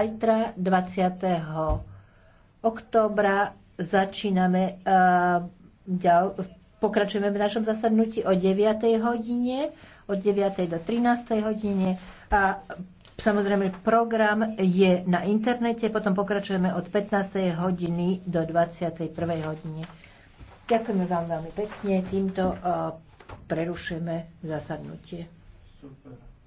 zajtra 20. októbra, začíname e, ďal, pokračujeme v našom zasadnutí o 9. hodine, od 9. do 13. hodine a Samozrejme, program je na internete, potom pokračujeme od 15. hodiny do 21. hodiny. Ďakujeme vám veľmi pekne, týmto e, prerušujeme zasadnutie. Super.